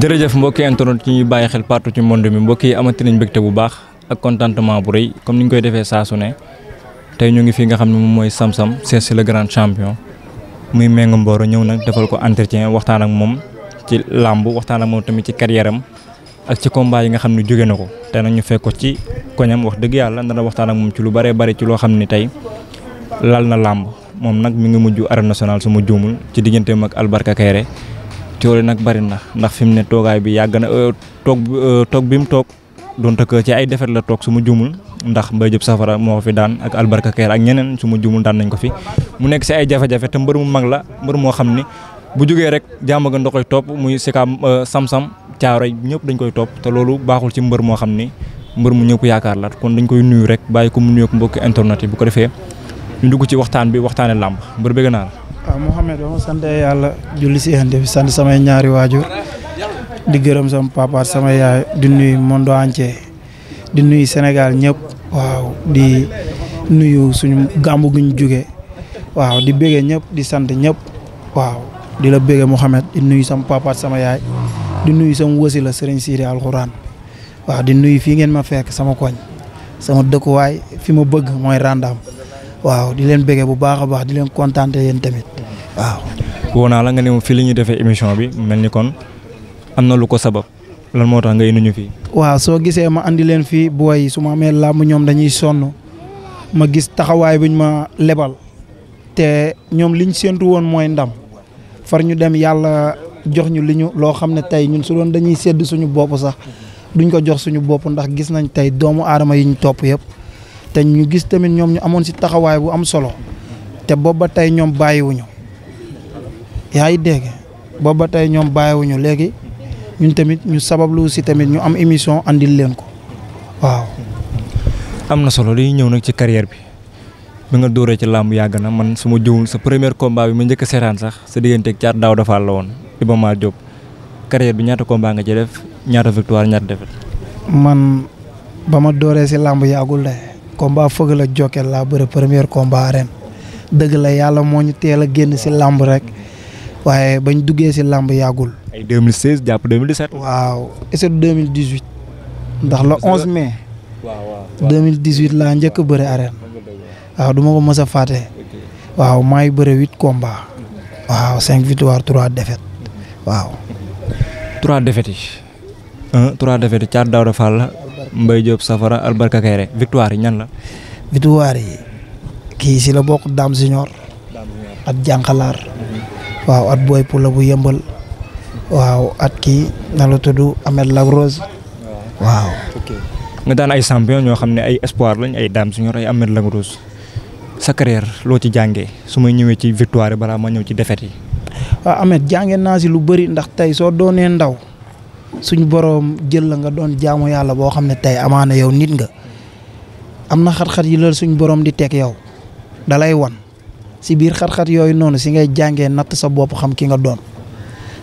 jërëjëf mbokk yi internet ci ñuy bàyyi xel partout ci monde mi mbokk yi amati nañ mbégte bu baax ak contentement bu rëy comme ni ñu koy defee saa su ne tey ñu ngi fi nga xam ne moom mooy sam seet le grand champion muy meng Mboro ñëw nag defal ko entretien waxtaan ak moom ci làmb waxtaan ak moom tamit ci carrière am ak ci combat yi nga xamni joge nako té ko te ñu fekk ko ci koñam wax dëgg yàlla dana waxtaan ak moom ci lu bare bare ci lo xamni tay lal na lamb mom nak mi ngi muju arena nationale suma juumul ci digganteem ak Albarka kayré coole nag bëri na ndax fi mu ne toogaay bi yag na tok euh, toog bim euh, mu don donte que ci ay defet la tok suma juumul ndax mbay Diop Safara mo fi daan ak Albarka kayr ak ñeneen suma juumul daan nañ ko fi mu nekk si ay jafa jafe te mbeur mu mag la mbeur mo xamni bu joge rek jàmm ga ndoxoy muy sikam euh, sam-sam caaroy nyop dañ koy top te loolu baaxul ci mbër moo xam ni mbër mu ñëpp yaakaar la kon dañ koy nuyu rek bàyyi ko mu nuyoog mbokki internet yi bu ko defee ñu dugg ci waxtaan bi waxtaane làmb mbër bëgg naa la. waaw Mouhamed julli si yéen bi sant samay ñaari di gërëm sam papa sama yaay di nuyu mondo entier di nuyu Sénégal ñëpp waaw di nuyu suñu gàmmu gu ñu waaw di bëggee nyop di sant nyop waaw di la muhammad di nuyu sam papa sama yaay. di nuyu sama wasi la sëriñ Siidi alxuraan waaw di nuyu fii ngeen ma fekk sama koñ sama dëkkuwaay fi ma bëgg mooy Randam waaw di leen bëggee bu baax a baax di leen kontaante yéen tamit waaw. woo naa la nga ne moom fii la ñuy defee émission bi mel ni kon am na lu ko sabab lan moo tax nga indi ñu fii. waaw soo gisee ma andi leen fii booy su ma amee làmb ñoom dañuy sonn ma gis taxawaay buñ ma lebal te ñoom liñ séntu woon mooy ndam far ñu dem yàlla. jox ñu liñu lo xamne tay ne ñun su doon dañuy sedd suñu bop sax duñ ko jox suñu bop ndax gis nañ tay doomu adama yi ñu top yépp té ñu gis tamit ñom ñu amon ci taxaway bu am solo te booba tey ñoom bàyyiwuñu yaa ngi dégg tay ñom bayyi wuñu légui ñun tamit ñu sabablu si tamit ñu am émission andil leen ko waaw. am na solo li ñew nak ci carrière bi bi nga dóoree ci lamb yagna man suma jëwul sa premier combat bi ma ñëk a sax sa ci ar daw dafa la won Iba Mal Diop carrière bi ñaata combat nga def ñaata victoire ñaata défaite man bama ma dooree si làmb yaagul de combat fëgg la jokkeel laa bëre premier combat aren. dëgg la yàlla moo ñu teel a génn si làmb rek waaye bañ duggee si làmb yaagul. ay 2016 jàpp 2017. waaw itu 2018. ndax le 11 mai. waaw waaw 2018 lah njëkk a bëre arène. waaw du ma ko mës a fàtte. waaw maa bëre 8 waaw 5 victoires 3 défaites. waaw. trois défaites yi. trois défaites yi Thiat Daouda la Mbaye Diop Safara Albarka Kairé victoire yi ñan la. victoire yi. kii si la bokk Dame Junior. at jànqalaar. waaw at Boy Pula bu yëmbal. waaw at kii na la tudd Ahmed Lagrose. waaw. nga daan ay champion ñoo xam ne ay espoir lañ ay Dame Junior ay Ahmed Lagrose. sa carrière loo ci jàngee su may ñëwee ci victoire balaa ma ñëw ci défaite yi. Ameth ah, jàngee naa si lu bëri ndax tey soo doonee ndaw suñ boroom jël la nga doon jaamu yàlla boo xam ne tey amaana yow nit nga am na xat-xat yi la suñu boroom di teg yow dalay wan si biir xat-xat yooyu noonu si ngay jàngee natt sa bopp xam ki nga doon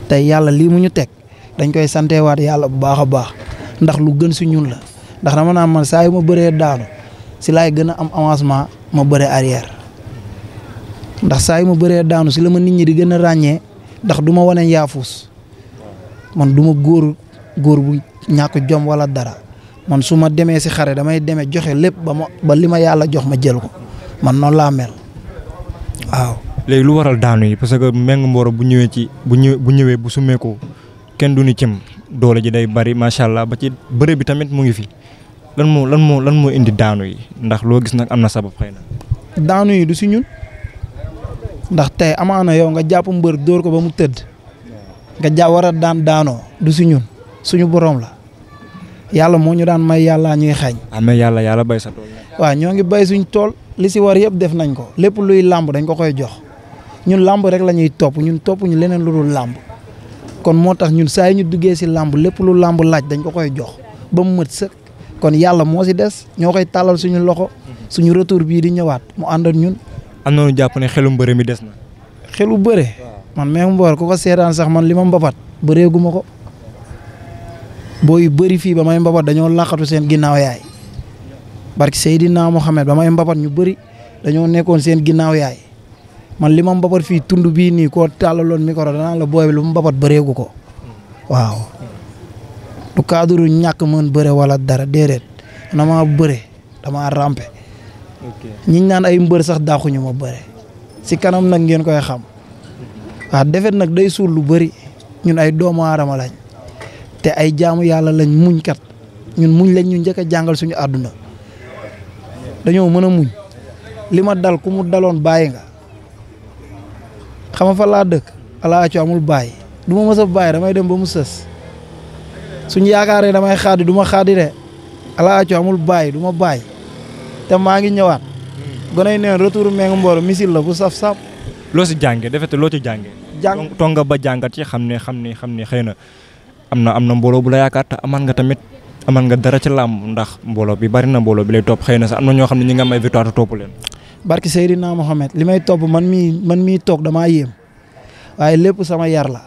tey yàlla lii mu ñu teg dañ koy santeewaat yàlla bu baax a baax ndax lu gën si ñun la ndax dama naa man saa yu ma bëree daanu si laay gën a am avancement ma bëre arrière. ndax saay mu beure daanu ci lama nit ñi di gëna a ndax duma wone yaafus man duma goor goor bu ñaako jom wala dara man suma démé ci xaré damay démé joxé lepp ba ma ba lima ma jox ma jël ko man non la mel waaw. léegi lu waral daanu yi parce que meng Mboro bu ñëwé ci bu ñëwé bu sumé ko kenn du ni cim doole ji day bari machallah ba ci beure bi tamit mu ngi fi lan mo lan mo lan mo indi daanu yi ndax lo gis nak amna na sabab daanu yi du ci ñun. ndax tey amaana yow nga jàpp mbër dóor ko ba mu tëdd nga jàpp war a daan daanoo du si ñun suñu borom la yàlla moo ñu daan may yàlla ñuy xañ. amee yàlla yàlla bay sa tool. waaw ñoo ngi bay suñ tool li si war yëpp def nañ ko lépp luy làmb dañ ko koy jox ñun làmb rek la topp ñun topp leneen lu dul làmb kon moo tax ñun saa ñu duggee si làmb lépp lu làmb laaj dañ ko koy jox ba mët sëkk kon yàlla moo si des ñoo koy tàllal suñu loxo suñu retour bii di ñëwaat mu ànd ñun. Anu na ñu jàpp ne xelu mbëre mi des na. xelu beure man meum bor ku ko seetaan sax man limam ma beure gumako boy beuri fi fii ba may mbapat dañoo laqatu seen ginnaaw yaay. barki sayidina muhammad ba may mbapat ñu beuri dañoo nekkon seen ginnaw yaay. man li ma fi fii tund ko nii koo tàllaloon micro danaa la boy bi lu mu beure guko ko. waaw. du kaduru ñak man beure wala dara dedet dama beure dama ramper ñiñ naan ay mbeur sax daaxuñu ma bëré si kanam nak ngeen koy xam wa defet nak day sul lu bëri ñun ay doomu arama lañ te ay jaamu yalla lañ muñ kat ñun muñ lañ ñu jëkë a suñu aduna dañoo mëna muñ lima dal kumud dalon baye nga xama fa la dëkk ala ci amul baye duma mësa baye a damay dem ba mu sës suñu yaakaaree damay xadi duma xadi xaadi ala ci amul baye duma baye te ma ngi ñëwaat. gonay neen retour Mbengue mbor misil la bu saf-saf. lo si jàngee defete lo ci jàngee. jàng tonga ba jàngat ci xamné xamné xamné xeyna amna amna mbolo bu la yaakaar ta aman nga tamit aman nga dara ci lamb ndax mbolo bi bari na mbolo bi lay top xeyna na sax am na ñoo ñi nga may victoire top leen. barki sayyidina Mohamed limay top man mi man mi tok dama yem waye lepp sama yar la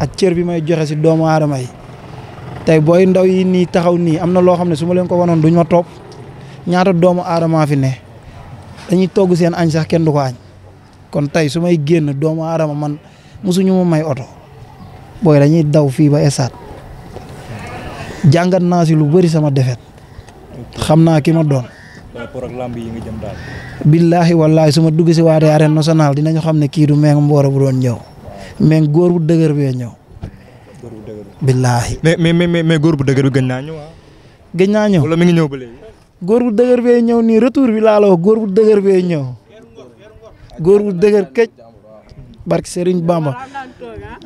ak cër bi may joxe ci doomu adamay tay boy ndaw yi ni taxaw ni amna lo loo suma ko wonon duñ ma ñaata doomu adama fi ne dañuy togg seen añ sax kenn du ko añ kon tay sumay may génn doomu adama man musuñu ma may auto boy dañuy daw fii ba esat jàngat naa si lu bëri sama defet xam naa ki ma doon. billahi wallahi suma dugg si waatee arène national dinañu xam ne kii du meeng mboora bu doon ñëw meeng góor bu dëgër bi ñëw. billahi. mais mais mais mais góor bu dëgër bi gën naa ñëw ah. gëj naa ñëw wala mi ngi ñëw ba léegi góor bu dëgër bee ñëw nii retour bi laa la wax góor bu dëgër bee ñëw góor bu dëgër këj barki Serigne Bamba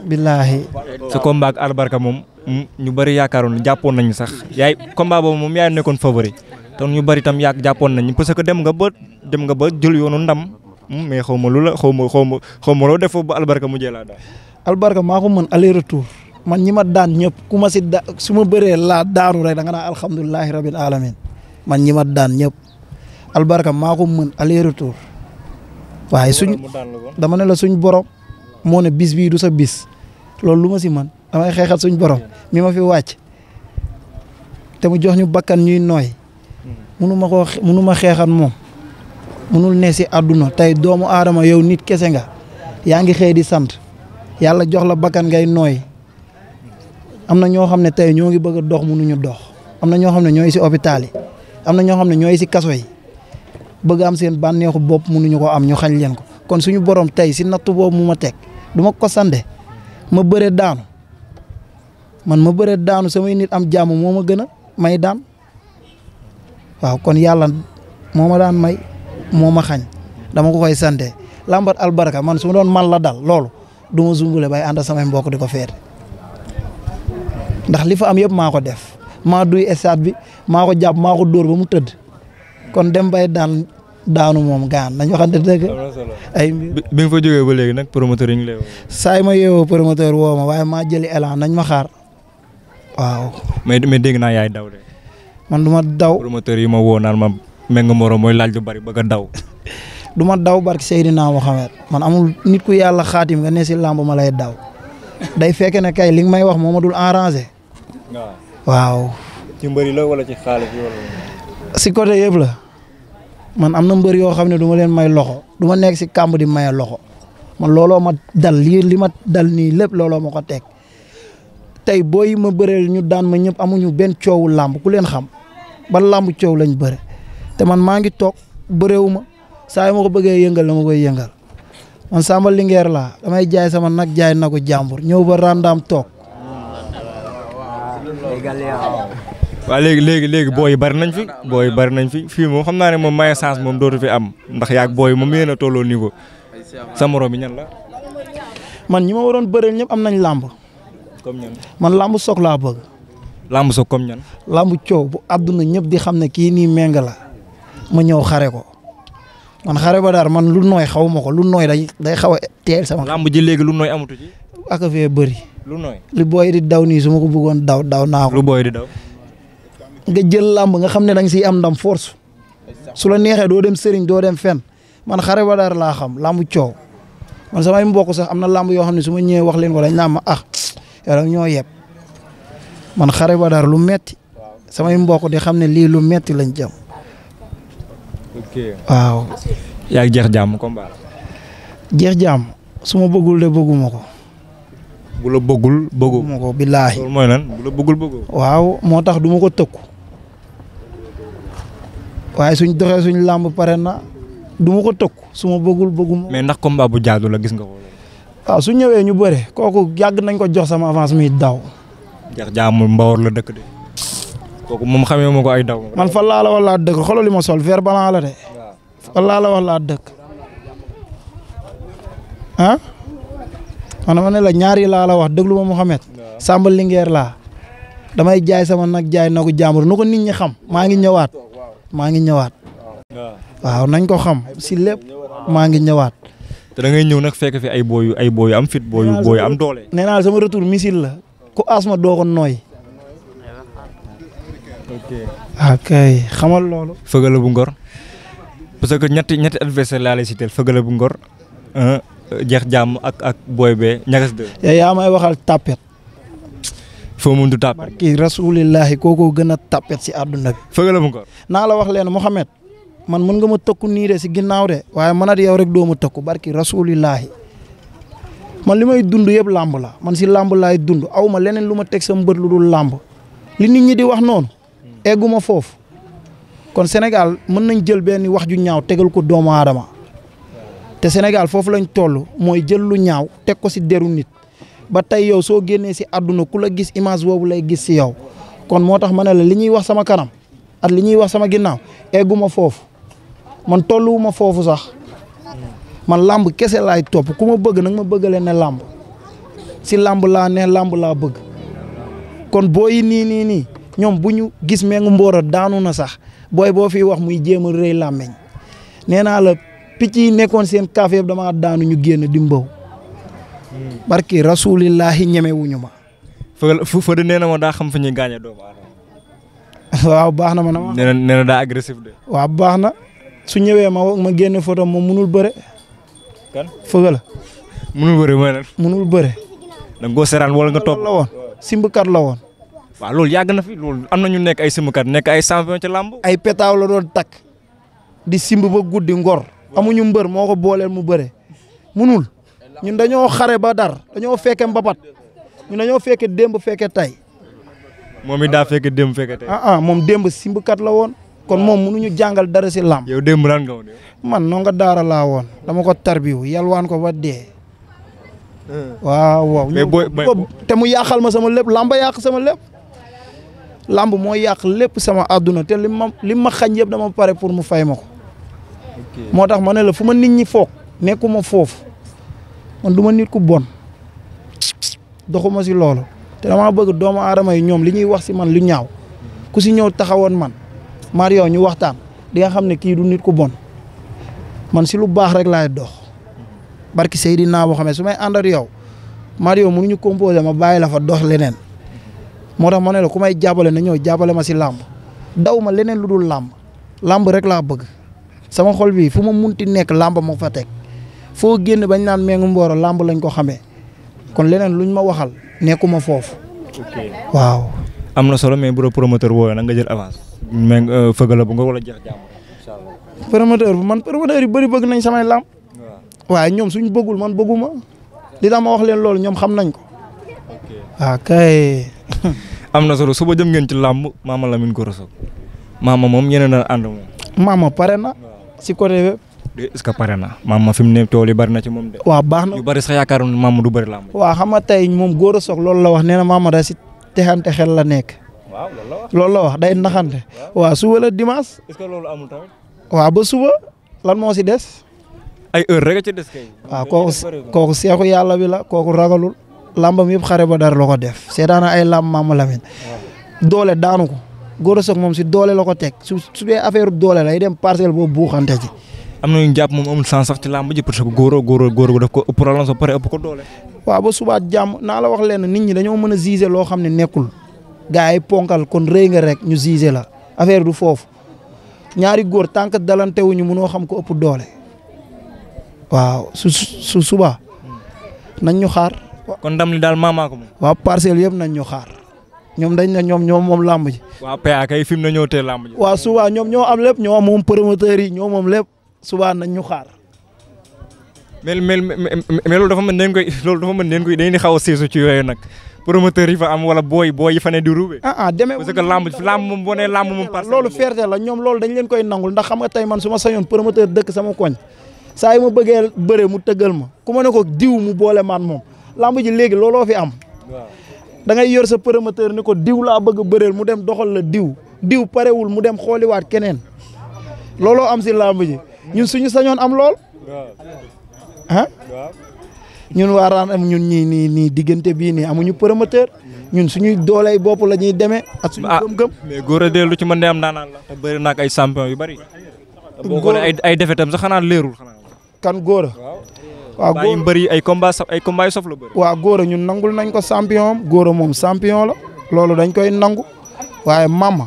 billaahi sa combat ak albarka moom mm, ñu bëri yaakaaroon jàppoon nañu sax yaay combat boobu moom yaay nekkoon favori te ñu bari tam yaa jàppoon nañ parce que dem nga ba dem nga ba jël yoonu ndam mm, mais xaw ma lu la xaw ma xaw ma xaw ma loo def foofu ba albarka mujjee laa daal. albarka maa ko mën aller retour man ñi ma daan ñëpp ku ma da su ma bëree laa daanu rek da nga naan alhamdulilahi rabil alamin man ñi ma daan ñëpp albarka maa ko mën aller retour waaye suñ dama ne la suñ borom moo ne bis bii du sa bis loolu lu ma si man damay xeexal suñ borom mi ma fi wàcc te mu jox ñu bakkan ñuy nooy hmm. munu ma koo ma xeexal moom munul ne si àdduna tey doomu aadama yow nit kese nga yaa ngi xëy di sant yàlla jox la bakkan ngay nooy am na ñoo xam ne tey ñoo ngi bëgg a dox munuñu dox am na ñoo xam ne ñooy si hôpital yi am na ñoo xam ne ñooy si kaso yi bëgg am seen bànneexu bopp mënuñu ko am ñu xañ leen ko kon suñu borom tey si nattu boobu mu ma teg du ma ko sande ma bëre daanu man ma bëre daanu samay nit am jàmm moo ma gën a may daan waaw kon yàlla moo ma daan may moo ma dama ko koy sante lambat albarka man su doon man la dal loolu duma ma zumbule bay ànd samay mbokk di ko feete ndax li fa am yëpp maa ko def maa duy stade bi maa ko jàpp maa dóor ba mu tëdd kon dem bay daan daanu moom gaan nañ waxante dëgg. ay bi nga fa jógee ba léegi nag promoteur yi saa yi ma yeewoo ma maa jëli élan nañ ma xaar waaw. mais dégg naa yaay daw de. man du ma daw promoteur yi ma woo naan ma meng moroom mooy laaj lu bari bëgg a daw. du ma daw barke Seydina Mohamed man amul nit ku yàlla xaatim nga ne si làmb ma lay daw day fekke ne kay li may wax moo ma dul arrangé. waaw. ci mbëri la wala ci xaalis yi si côté yëpp la man am na mbër yoo xam ne du ma leen may loxo du ma nekk si kàmb di maye loxo man looloo ma dal lii li ma dal nii lépp looloo ma ko teg tey booy ma bëreel ñu daan ma ñëpp amuñu benn coowu làmb ku leen xam ba làmb coow lañ bëre te man maa ngi toog bëreewu saa yi ma ko bëggee yëngal dama koy yëngal man Samba lingeer laa damay jaay sama nag jaay nagu jàmbur ñëw ba ràndaam toog. waaw léegi léegi léegi booy yi bari nañ fi booy yi bari nañ fi fii moom xam naa ne moom maye chance moom dootu fi am ndax yaag booy moom yéen na tolloo niveau sa morom bi ñan la. man ñi ma waroon bëreel ñëpp am nañ làmb. comme man làmb soog laa bëgg. làmb soog comme ñan. làmb coow bu àdduna ñëpp di xam ne kii nii méng la ma ñëw xare ko man xare ba daar man lu nooy xaw ma ko lu nooy day day xaw a teel sama. làmb ji léegi lu nooy amatu ci. ak a fee bëri. lu nooy di daw nii su ma ko bëggoon daw daw naa ko. lu booy di daw. nga jël làmb nga xam ne dang nga siy am ndam fors su la neexee doo dem sëriñ doo dem fenn man xare ba dara laa xam làmb coow. man samay mbokk sax am na làmb yoo xam ne su ma ñëwee wax leen ko dañ naa ma ah yow rek ñoo yeb man xare ba dara lu metti samay mbokk di xam ne lii lu metti lañ jëm. ok yaa jeex jàmm combat. jeex jàmm su ma bëggul de bëgguma ko. bu bogul bëggul bëggoo. ma bogul billaahi loolu mooy lan bu la bëggul bëggoo. waaw moo tax ko tekk waaye suñ doxé suñ lamb paré na duma ko tekk suma bogul bëggul bëgguma. mais ndax combat bu jaadu la gis nga ko. waaw suñ ñëwé ñu bëré koku yag nañ ko jox sama avance mi daw. jax jaamul mbawor la dëkk dé koku moom xamé ma ay daw. man fa la la wala dëkk xoolal ma sol verbal la dé fa la wala dëkk man ma ne la ñaari laa la wax déglu ma Mouhamed. waaw Samba Linguère laa. damay jaay sama nag jaay nagu jàmbur nu ko nit ñi xam maa ngi ñëwaat. maa ngi ñëwaat. waaw nañ ko xam si lépp maa ngi ñëwaat. te da ñëw nag fekk fi ay booyu ay booyu am fit booyu booyu am doole. nee naa sama retour missile la ko asma doo ko nooy. ok xamal loolu. Feugueleu bu Ngor parce que ñetti ñetti adversaire laa lay cité Feugueleu bu Ngor. jeex jam ak ak boy be ñagas de. ya may waxal tapet. fo mu ndu tapet. ki rasulillah koko gëna tapet si aduna bi. fëgg la mu ko. na la wax len Mouhamed man mën nga ma tëkku ni re si ginnaw re, waye man ak yow rek do ma tëkku barki rasulillah man limay may dund yëpp làmb la man si lamb lay dund awma lenen luma tek ma teg sa mbët lu dul làmb li nit ñi di wax non egguma fofu kon Senegal mën nañ jël ben wax ju ñaaw tegal ko doomu aadama. te Sénégal foofu lañ toll mooy jël lu ñaaw teg ko si deru nit ba tey yow soo génnee si àdduna ku la gis image boobu lay gis si yow kon moo tax ma ne la li ñuy wax sama kanam at li ñuy wax sama ginnaaw ma foofu man tolluwuma foofu sax man làmb kese laay topp ku ma bëgg nag ma bëgg bëggale ne làmb si làmb laa ne làmb laa bëgg kon booy yi nii nii ñoom bu ñu gis mengu mboora daanu na sax booy boo fi wax muy jéem a rëy làmmeñ nee naa la picc yi nekkoon seen kaaf yëpp damaa daanu ñu génn di mbaw barki rasulillahi ñemewuñu ma. fu fa nee na ma daa xam fa ñuy gaañee doomu waaw baax na ma na ma. daa agressif de. waaw baax na su ñëwee ma ma génn photo ma munul bëre. kan fëgal la. munul bëre munul bëre. da koo seraan wala nga topp la woon. simbukat la woon. waaw loolu yàgg na fi loolu am na ñu nekk ay simbukat nekk ay champion ci làmb. ay petaaw la doon takk di simb ba guddi ngor. amuñu mbër moo ko booleel mu bëre munul ñun dañoo xare ba dar dañoo fekke mbapat ñun dañoo fekke démb fekke tay moom it daa fekke démb fekke tay ah ah moom démb simbkat la woon kon moom mënuñu jàngal dara si lamb yow démb lan man noo daara laa woon dama ko tarbiw yalwaan ko ba dee ah. waaw waaw te mu yàqal ma sama lépp làmba yàq sama lépp làmb moo yàq lépp sama àdduna te li ma li ma xañ yëpp dama pare pour mu fay ma ko moo tax ma ne la fu ma nit ñi nekku ma foofu man du ma nit ku bon doxuma si loolu te damaa bëgg doomu aadama yi ñoom li ñuy wax si man lu ñaaw ku si ñëw taxawoon man Mario ñu waxtaan di nga xam ne kii du nit ku bon man si lu baax rek laay dox barki Seydina boo xam ne su may ànd ak yow Mario ñu composé ma bàyyi la fa dox leneen moo tax ma ne la ku may jàppale na ñëw jàppale ma si làmb daw ma leneen lu dul làmb làmb rek laa bëgg. sama xol bi fuma munti nek lamb mo fa tek fo genn bañ nan Mengu Mboro lamb lañ ko xamé kon leneen luñ ma waxal nekuma fofu waaw. amna solo mais bu promoteur wo na nga jël avance. mais euh, fëgal bu nga wala jeex jàmm. inshallah promoteur man promoteur yu bari bëgg nañ lamb waay ñom suñ bëggul man bëgguma li dama wax leen lool ñom xam nañ ko. ah kay. amna solo suba jëm ngeen ci lamb Mama Lamine ko Sock mama mom ñene na na. si côté bépp. est na maam fi mu ne tool yi bari na ci moom de. waaw baax na yu bari sax yaakaaroon ne maam du bari laa. waaw xam nga tey moom góor a soog la wax nee na maam da si texante xel la nekk. waaw loolu la wax day naxante. waa suba la dimanche. est-ce ba suba lan moo si des. ay heure rek a ci des kooku seexu yàlla wi la kooku ragalul. lambam yëpp xare ba dara la ko def seetaan ay lamb maamu Lamine. doole daanu Gora Sock moom si doole la ko teg su su dee affaire doole lay dem parcelle boobu buuxante ci. am na ñu jàpp moom amul sens sax ci làmb ji parce que góoroo góoroo ko ëpp relance ba pare ëpp ko jàmm naa la wax leen nit ñi dañoo mën a gisé loo xam ne nekkul gars yi ponkal kon rëy nga rek ñu gisé la affaire du foofu ñaari góor tànk dalante wuñu mënoo xam ko ëpp doole waaw su su suba nañ ñu xaar. kon ndam li daal maamaa ko moom. waaw parcelle yëpp nañ ñu xaar. ñoom dañ ne ñoom ñoom moom làmb ji. waa kay fi mu ne ñoo tee làmb ji. waa suba ñoom ñoo am lépp ñoo moom promoteurs yi ñoo moom lépp suba nañ ñu xaar. mais mais mais loolu dafa mën neen koy loolu dafa mën neen koy dañuy xaw a séesu ci yooyu nag promoteur yi fa am wala booy booy yi fa di ruube. ah ah demee parce que làmb làmb moom boo nee làmb moom. ñoom loolu dañ leen koy nangul ndax xam nga tey man suma ma sañoon promoteur dëkk sama koñ saa yi ma bëggee bëre mu tëggal ma ku ma ne ko diw mu boole maan moom làmb ji léegi looloo fi am. waaw da ngay yor sa promoteur ni ko diw laa bëgg a bëreel mu dem doxal la diw diw parewul mu dem xooliwaat keneen looloo am si làmb ji ñun suñu sañoon am lool ah ñun waa raan am ñun ñii nii nii diggante bii nii amuñu promoteur ñun suñuy dooley bopp la ñuy demee ak suñu ah. gëm-gëm mais góor a dee lu ci mën de am naanaan la te bëri naak ay champion yu bari boo ko ay ay defetam sax xanaa leerul xanaa kan góor waaw góor mbëri ay combat ay combat yu sof la bëri. waaw góor ñun nangul nañ ko champion am góor moom champion la loolu dañ koy nangu waaye mama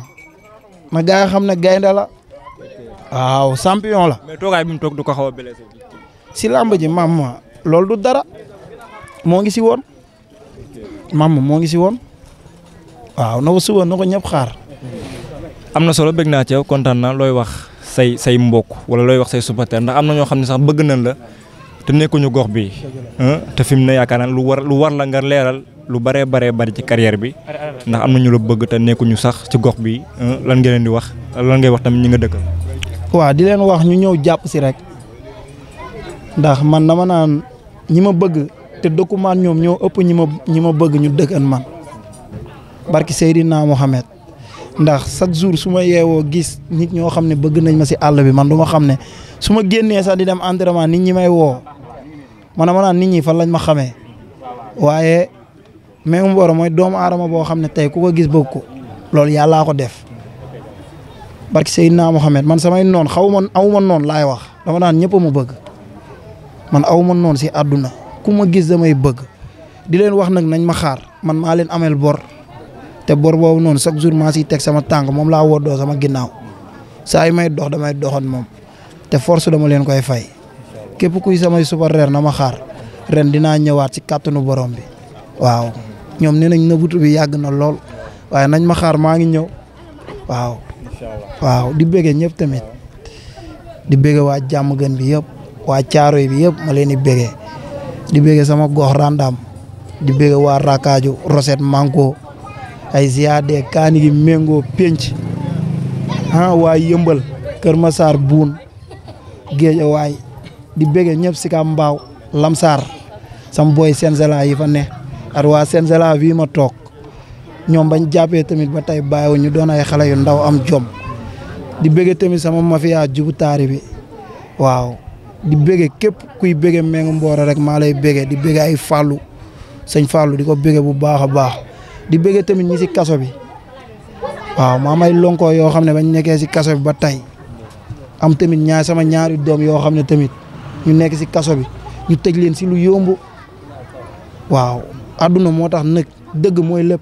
ma gaa xam ne gaynde la waaw champion la. mais toogaay bi mu du ko blessé si làmb ji mama loolu du dara moo ngi si woon mama moo ngi si woon waaw na ko suba na ko xaar. am na solo bëgg naa ci yow kontaan na wax say say wala looy wax say supporter ndax am na ñoo sax bëgg nañ la te nekkuñu gox bi te fim ne yakana lu war lu war la nga leral lu bare bare bare ci carrière bi ndax am na ñu la bëgg te nekkuñu sax ci gox bi lan ngeen leen di wax lan ngay wax tam ñi nga dëkk wa di leen wax ñu ñew japp ci rek ndax man dama naan ñi ma bëgg te document ñom ñoo ëpp ñi ma ñi ma bëgg ñu dëkkan man barki sayyidina mohammed ndax chaque jour suma yewo gis nit ñoo xamne ne bëgg nañ ma ci àll bi man duma xamne suma ne su sax di dem entraînement nit ñi may wo man ma naan nit ñi fan lañ ma xamee waaye mais um mooy doomu aadama boo xam ne tey ku ko gis bëgg ko loolu yàllaa ko def barki Seydina Mohamed man samay noon xaw ma aw ma noon laay wax dama naan ñëpp ma bëgg man aw ma noon si àdduna ku ma gis damay bëgg di leen wax nag nañ ma xaar man maa leen ameel bor te bor boobu noonu chaque jour maa si teg sama tànk moom laa woddoo sama ginnaaw saa yi may dox damay doxoon moom te force dama leen koy fay. képp kuy samay suba reer na ma xaar ren dinaa ñëwaat ci kàttanu borom bi waaw ñoom makhar nañ nëbutu bi yàgg na lool waaye nañ ma xaar maa ngi ñëw waaw. waaw di bëggee ñëpp tamit di bëggee waa jàmm gën bi yëpp waa caaroy bi yëpp ma leen di bëggee di bëggee sama gox randam di bëggee waa roset Rosette Manko ay ziyaade kaani gi méngoo penc ah waa yëmbal Kër Massar buun waay di bége ñëpp si ka lam lamsar sam boy senzela yi fa ne at waa senzela wi ma tok ñom bañ jappé tamit ba tay bàyyiwu ñu doon ay yu ndaw am jom di bege tamit sama mafia jubu taari bi waaw di bege kep kuy bege mengu mbooro rek ma lay bege di bege ay fallu señ fallu di ko bu baaxa baax di bege tamit ñi ci kasso bi waaw ma may lonko yo xamne bañ nekké ci kasso bi ba tay am tamit ñaar sama ñaari doom yo xamne ne tamit ñu nekk si kaso bi ñu tëj leen si lu yomb waaw àdduna moo tax nag dëgg mooy lépp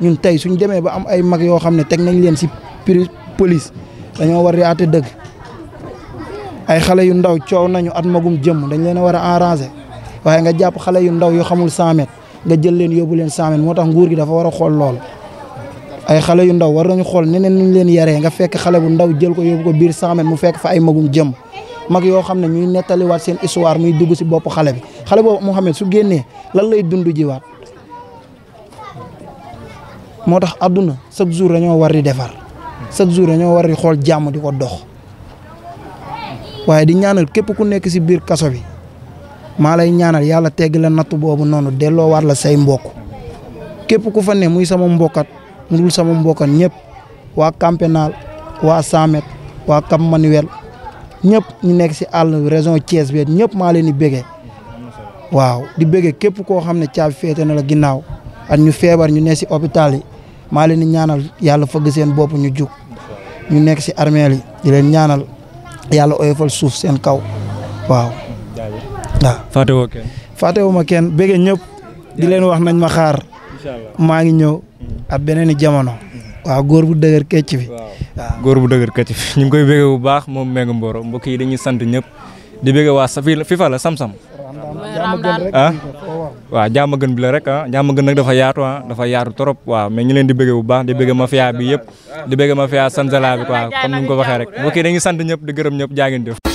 ñun tey suñ demee ba am ay mag yoo xam ne teg nañ leen si police dañoo war a àtte dëgg ay xale yu ndaw coow nañu at magum jëm dañ leen war a arranger waaye nga jàpp xale yu ndaw yu xamul 100 nga jël leen yobu leen 100 moo tax nguur gi dafa war a xool lool. ay xale yu ndaw war nañu xool neneen nuñ leen yaree nga fekk xale bu ndaw jël ko yóbbu ko biir 100 mètres mu fekk fa ay magum jëm mag yo xamne ñuy netali wat seen histoire muy dugg ci bop xalé bi xalé bo Mouhamed su génné lan lay dundu ji wat motax aduna chaque jour dañoo war di défar chaque jour dañoo war di xol jamm di ko dox waye di ñaanal képp ku nekk ci biir kasso bi ma lay ñaanal yalla tégg la nattu bobu nonu délo war la say mbokk képp ku fa ne muy sama mbokkat mu sama mbokkat ñepp wa wa Samet wa kam Manuel ñëpp ñu nekk si àll région Thiès bi ñëpp maa leen di bége waaw di bége képp koo xam ne caabi féete na la ginnaaw ak ñu feebar ñu ne si hôpital yi maa leen di ñaanal yàlla fëgg seen bopp ñu jug ñu nekk si armeel yi di leen ñaanal yàlla oyofal suuf seen kaw waaw. waaw fàttewoo kenn. fàttewu ma kenn bége ñëpp di leen wax nañ ma xaar maa ngi ñëw ak beneen i jamono mm-hmm. waaw góor bu dëgër kecc bi. góor bu dëgër këcc ñu koy bëggee bu baax moom Mbengue Mboro mbokk yi dañuy sant ñëpp di bëggee waa sa fii FIFA la sam-sam ah oh, waaw jàmm gën bi la rek ah jàmm gën nag dafa yaatu ah dafa yaatu trop waaw mais ñu leen di bëggee bu baax di bëggee mafia bi yëpp di bëggee mafia Sanzala bi quoi comme ni ko waxee rek mbokk yi dañuy sant ñëpp di gërëm ñëpp jaa